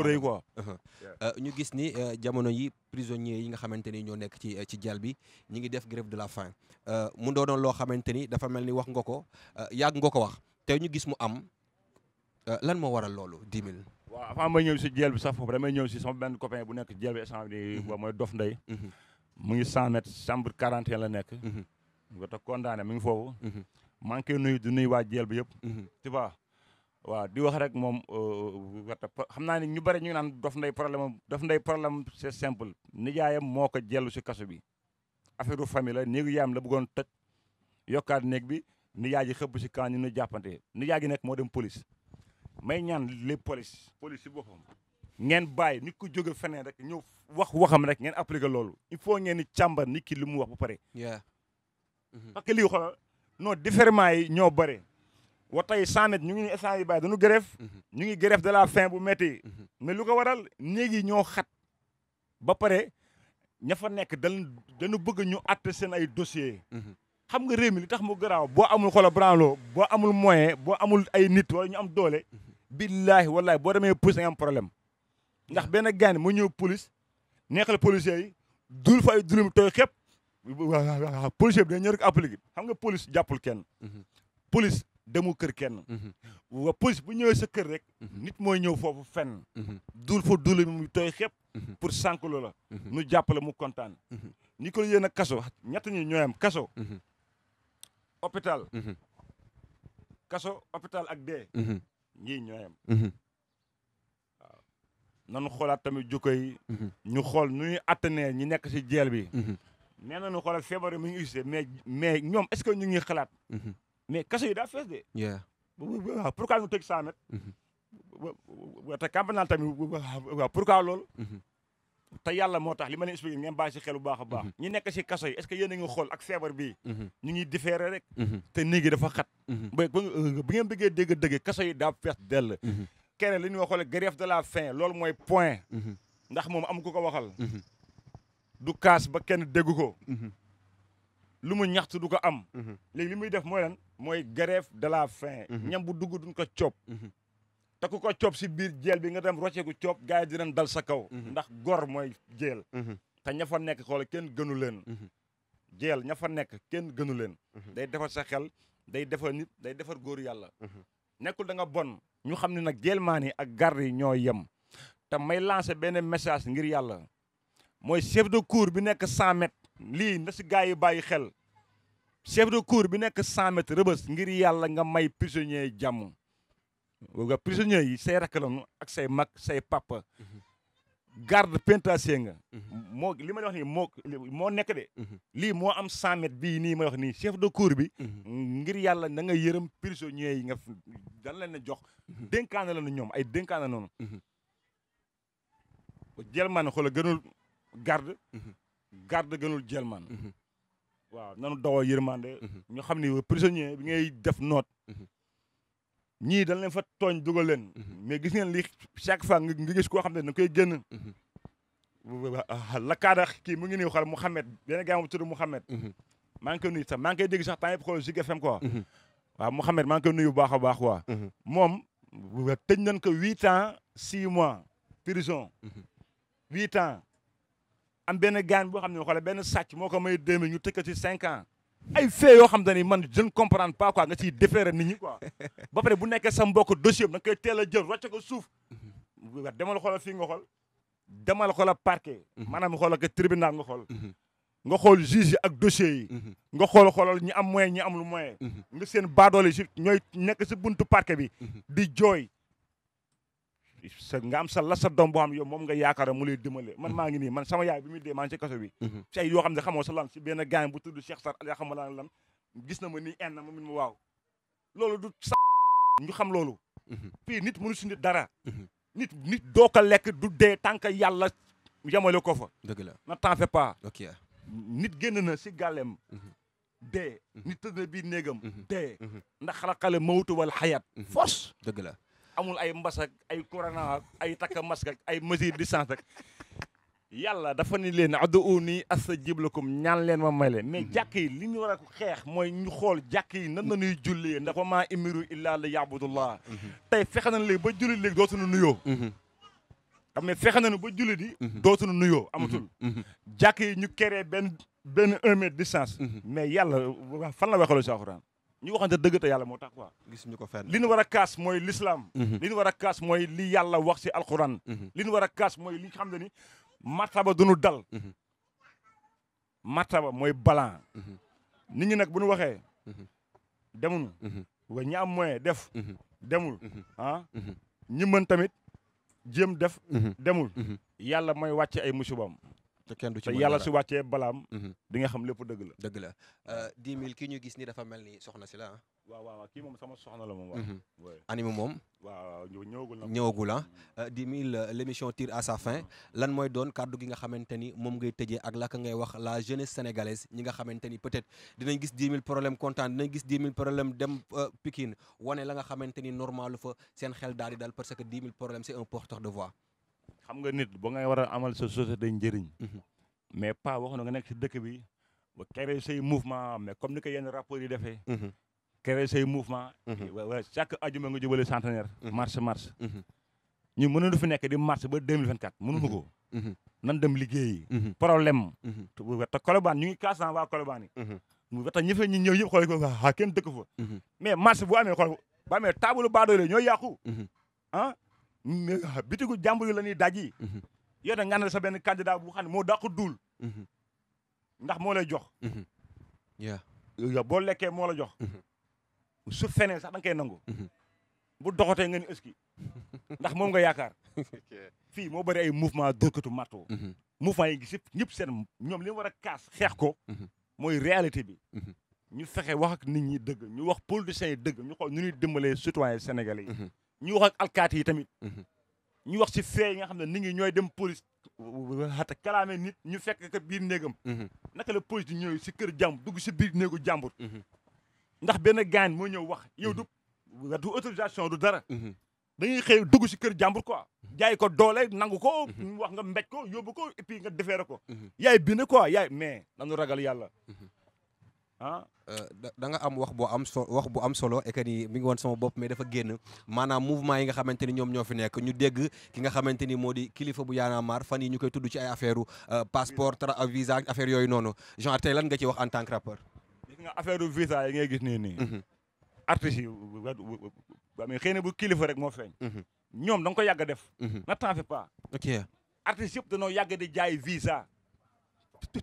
mënoo rëy euh, ñu gis ni euh, jamono yi prisonniers yi nga xamante ni ñoo nekk ci euh, ci jal bi ñi ngi def grève de la faim mu doonoon loo xamante ni dafa mel ni wax nga ko yàgg nga ko wax te ñu gis mu am lan moo waral loolu 10 000 waaw avant may ñëw si jël bi sax foofu damay ñëw si sama benn copain bu nekk jël bi échange bi mhm. mooy Dof Ndeye mhm. mu ngi 100 mètres chambre 41 la nekk mhm. nga mi ngi foofu manqué nuyu du nuyu waa jël bi yëpp waaw di wax rek moom euh, euh, wata xam naa ne ñu bari ñu ngi naan Dof Ndeye problème Dof Ndeye problème c'est simple nijaayam moo ko jellu si kaso bi affaire famille la néegu yaayam la bëggoon toj yokkaat néeg bi nijaay ji xëpp si kan ñu nu jàppante nijaay gi nekk moo dem police may ñaan les police police si boppam ngeen bàyyi nit ko jóge feneen rek ñëw wax waxam rek ngeen appliqué loolu il faut ngeen ni càmbar nit li mu wax ba pare mm-hmm. parce que lii xoolal yi ñoo bare wa tey 100 mètres ñu ngi nii instant yi bàyyi dañu grève mhm. ñu ngi gref de la faim bu métti mhm. mais lu ko waral néegi yi ñoo xat ba pare ña fa nekk dan bëgg ñu àtte seen ay dossier mhm. xam nga réew mi li tax mu garaaw boo amul xolo branlo boo amul moyen boo amul ay nit wala ñu am doole billaahi wallaahi boo demee police da problème ndax benn gaani mu ñëw police neexal policier yi dul fa ay dulum tooy xëpp policier bi da ñëw rek appliqué xam nga police jàppul kenn police demu kër kenn. Mhm. wa police bu ñëwee sa kër rek. Mhm. nit mooy ñëw foofu fenn. Mhm. duul fa duul mu tooy xepp. pour sànq la nu jàppale mu kontaan. ñi ko yéen a kaso ñett ñu ñooyam kaso. hôpital. kaso hôpital ak dee. ñii ñooyam. nanu xoolaat tamit jukko ñu xool nu ñuy attanee ñi nekk si jeel bi. nee nañu xoolal feebar mi ngi mais mais ñoom est-ce que ñu ngi xalaat. mais kaso yi daa fees de. waaw pourquoi ñu tëj 100 mètres. Mm-hmm. wa te campagnat loolu. Mm-hmm. te yàlla moo tax li ma leen expliqué ngeen bàyyi si xel bu baax a baax. Mm-hmm. ñi nekk si kaso yi est ce que yéen a ngi xool ak feebar bii. ñu ngi différé rek. te néeg yi dafa xat. ba bu ngeen bëggee dégg dëgg kaso yi daa fees dell. keneen li ñuy waxoon grève de la faim loolu mooy point. ndax moom am ku ko waxal. du kaas ba kenn dégg ko. lu mu ñaxtu du ko am. léegi li muy def mooy lan. mooy grève de la fin mhm. ñam bu dugg duñ ko coob. Mhm. te ku ko coob si biir jeel bi nga dem rocceeku coob gars di dinañ dal sa kaw. Mhm. ndax gor mooy jeel. te ña fa nekk xool kenn gënu leen. jeel ña fa nekk kenn gënu leen. day defar sa xel day defar nit day defar góor yàlla. nekkul da nga bon ñu xam ne nag jeel maan ak garde yi ñoo yem. te may lancé benn message ngir yàlla mooy chef de cour bi nekk 100 mètres. lii na si gars yi bàyyi xel. chef de cour bi nekk 100 mètres rëbës ngir yàlla nga may prisonnier jàmm nga prisonnier yi say rakk lañu ak say mag say papa mhm. garde pénitencier nga mhm. moo li ma wax nii moo nekk de mhm. lii moo am 100 bi bii nii may wax nii chef de cour bi ngir yàlla na nga yërëm prisonnier yi nga dan leen ne jox dénkaane la nu ñoom ay dénkaane noonu jelmaan xoolal gënul garde garde gënul jelmaan waaw nanu daw a yërmande mhm. ñu xam ni prisonnier bi ngay def noot mhm. ñii leen fa tooñ dugal leen mhm. mais gis ngeen li chaque fois nga gis koo xam ne da koy génn la kaada kii mu ngi nii xal Mouhamed benn gaa mu tudd Mouhamed maa ngi koy nuyu maa ngi koy dégg sax temps yëpp xool Zik FM quoi waaw Mouhamed maa ngi koy nuyu bu baax a baax quoi moom tëj nañ ko huit ans six mois prison huit ans am benn gaan boo xam ne xoolal benn sàcc moo ko may deux mille ñu tëkk ci cinq ans ay fait yoo xam te ni man je ne comprends pas a nga ciy déférer nit ñi quoi ba pare bu nekkee sa mbokk dossier bi da nga koy teel a jël rocce ko suuf mhm. demal xoolal fii nga xool demal a parke mhm. maanaam xoolal ko tribunal nga xool mhm. nga xool juge yi ak dossier yi nga xool xoolal ñi am moyen ñi am lu moyen nga seen baadoole si ñooy nekk si buntu parke bi di jooy sa nga am sa la sa doom boo xam yow moom nga yaakaara mu lay dimbale man mhm. maa ngi nii man sama yaay bi muy dee maa ngi ci kaso bi mhm. ci ay yoo xam ne xamoo sa si benn gaañ bu tudd Cheikh Sar yaa xama lan gis na ma nii en na ma min ma waaw loolu du sa ñu xam loolu puis mhm. nit mënu si nit dara nit nit doo ko lekk du dee tànk yàlla yemale ko fa dëgg la na t'en fais nit génn na si gàllem dee nit tëdd na biir néegam dee ndax xalaqale mawtu wal xayat fos dëgg la amul ay mbas ay corona ak ay takka masque ay mesure distance ak yàlla dafa ni leen ud'uunii astajib lakum ñaan leen ma may leen mais mhm. jàkk yi li ñu war xeex mooy ñu xool jàkk yi nan la ñuy jullee ndax wa maa umiru illaa li ya'budullah mhm. tey fexe nañ léegi ba julli léegi dootuñu nuyoo mhm. xam ne fexe nañu ba julli di dootuñu nuyoo amatul jàkk yi ñu keree benn benn un mètre distance mais yàlla fan la waxaloo si alxuraan ñu waxante dëgg te yàlla moo tax quoi. gis ko fenn li ñu war a kaas mooy lislaam mhm. li ñu war a kaas mooy li yàlla wax si alquran. Mhm. li ñu war a kaas mooy li xam ne ni martaba du ñu dal. Mhm. martaba mooy balan. nit ñi nag bu ñu waxee. demuñu. wa ñaam am def. demul ah. ñi mën tamit jéem def. demul. yàlla mooy wàcce ay musibam te kenn du ci yàlla su wàccee balaam. Mhm. di nga xam lépp dëgg la. dëgg la 10 000 euh, ki ñu gis ni dafa mel ni soxna si la ah. waaw moom sama soxna la moom. Mhm. animé moom. waaw ñëwagul la ñëwagul ah. 10 000 l' émission tire à sa fin mm. lan mooy doon kàddu gi nga xamante ni moom ngay tëjee ak laka ngay wax la jeunesse sénégalaise ñi nga xamante ni peut-être dinañ gis 10 000 problème kontaan dinañ gis 10 000 problème dem euh, Pikine wane la nga xamante ni normal fa seen xel daal di daal parce que problème c' xam nga nit ba ngay war a amal sa société njëriñ. Mhm. mais pas wax na nga nekk si dëkk bi ba créer say mouvement mais comme ni ko yenn rapport yi defee. Mhm. créer say mouvement. Mhm. wala chaque ajuma nga jubale centenaire. marche marche. ñu mënuñu fi nekk di marche ba deux mille vingt quatre nan dem liggéeyi. problème. te bu wetta Colobane ñu ngi Kaasaan waa mu wetta ñi fa ñu ñëw yëpp xool ko ah, ah, dëkk fa. mais marche bu amee xool bu amee taabalu baadoo la ñooy yàqu. Ah? bitigu jàmbur yi la ñuy daj yi mhm. yow da nga ne sa benn candidat bu xam ne moo dàq duul mhm. ndax moo lay jox mhm. boo lekkee moo la jox su fenee sax da nga koy nangu bu doxatee nga ni ëski ndax moom nga yaakaar fii moo bëri ay mouvement dóorkatu matto mouvement yi gis ñëpp seen ñoom li war a kaas xeex ko mooy réalité bi ñu fexe wax nit ñi dëgg ñu wax politiciens yi dëgg ñu xool ñu ñuy dimbalee citoyen sénégalais yi ñu wax ak alkaati yi tamit. Mhm. ñu wax si fee yi nga xam ne nit ñi ñooy dem police. xata kalaame nit ñu fekk ko biir néegam. Mhm. naka la police di ñëw si kër jàmbur dugg si biir néegu jàmbur. Mhm. ndax benn gaañ mooy ñëw wax yow du du autorisation du dara. dañuy xëy dugg si kër jàmbur quoi. jaay ko doole nangu ko. wax nga mbéj ko yóbbu ko et puis nga defeere ko. yaay bind ko yaay mais nanu ragal yàlla. ah euh, da nga am wax boo am so wax bu am solo et que ni mi ngi woon sama bopp mais dafa génn maanaam mouvement yi nga xamante ni ñoom ñoo fi nekk ñu dégg ki nga xamante ni moo di kilifa bu yaana a marre fan yi ñu koy tudd ci ay affaire euh, passeport tra euh, visa affaire yooyu noonu genre tey lan nga ci wax en tant que affaire visa yi ngay gis nii nii mhm. artistes yi mais xëy na bu kilifa rek moo feeñ mhm. ñoom da nga ko yàgg a def mhm. na t'en ok artistes yëpp danoo yàgg di jaay visa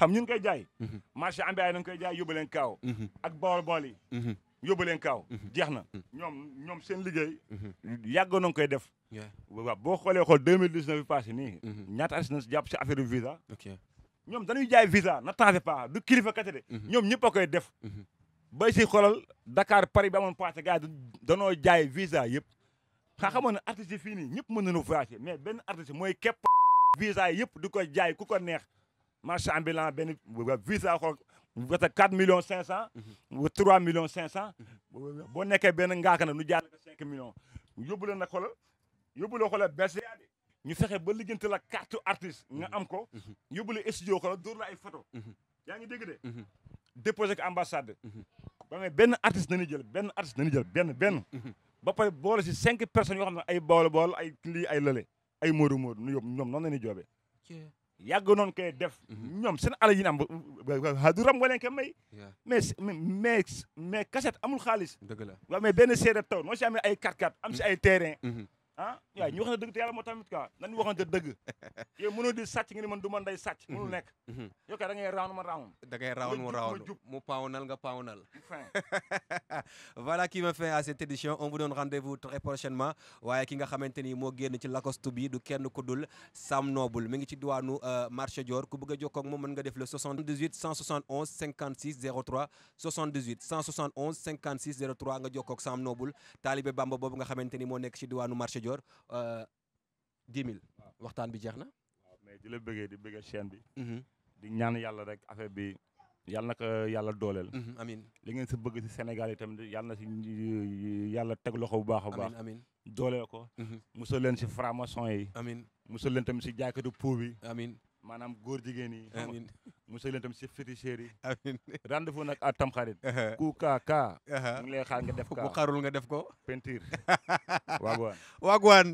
xam ñu ngi koy jaay mhm. marché ambiaay na nga koy jaay yóbbu leen kaaw mhm. ak bool bool yi mhm. yóbbu leen kaaw jeex na ñoom ñoom seen liggéey yàggoon na nga koy def waaw boo xoolee xool 2019 bi passé nii ñaata as na jàpp si affaire visa ñoom dañuy jaay visa na taxafe pas du kilifa kese de ñoom ñëpp a koy def bay si xoolal Dakar Paris bi amoon passé gars danoo jaay visa yëpp xaa xamoon ne artistes fii ñëpp mën nañu voyager mais benn artiste mooy képp visa yëpp du ko jaay ku ko neex marché ambulant benn visa ko wata 4 millions 500. wa 3 millions 500. Mhm. boo nekkee benn ngaaka na nu jàll ko 5 millions. yóbbu la nag xoolal yóbbu la ñu fexe ba liggéeyante la carte artiste nga mhm. am ko. Mhm. yóbbu la studio xoolal dóor ay photo yaa ngi dégg de. déposé ba nga benn artiste nañu jël benn artiste nañu jël benn benn. ba pare boole si cinq personnes yoo xam ne ay bool bool ay lii ay lële ay moodu moodu nu yóbbu ñoom noonu la ñuy joobee. yàgg noonu koy def. Mhm. ñoom seen alal yi ñu am du ram nga leen ko may. mais mais mais cassette amul xaalis. dëgg la waaw mais benn seede taw noo si amee ay 4 am si mhm. ay terrain. Mhm. ah waaye ñu wax na dëgg te yàlla moo tamit quoi nañu waxante dëgg yow mënoo di sàcc nga ni man du man day sàcc mhm. mënul nekk mhm. yow kay da ma raawnu da ngay raawnu mu mu paawnal nga paawnal fin voilà qui à cette édition on vous donne rendez-vous waaye ki nga xamante ni moo génn ci lacoste bi du kenn ku dul Sam Noble mi ngi ci diwaanu euh, marché Dior ku bëgg a jokkoo ak nga def le 78 171 56 03 78 171 56 03 nga jokkoo ak Dior euh, dix waxtaan bi jeex na. di la bëggee di bëggee chaîne bi. Mhm. di ñaan yàlla rek affaire bi yàlla na ko yàlla dooleel. Mhm, amiin li ngeen si bëgg si Sénégal yi tamit yàlla na si yàlla teg loxo bu baax a baax. amiin dooleel ko. Mhm. musal leen si franc-maçon yi. amiin musal leen tamit si jaaykatu pot bi. amiin maanaam góor jigéen yi. amiin musal leen tam si féticheurs yi. amiin rendez-vous nag à ku kaa kaa. mu ngi nga def kaa bu xaarul nga def ko. peinture Wagwan. Wagwan.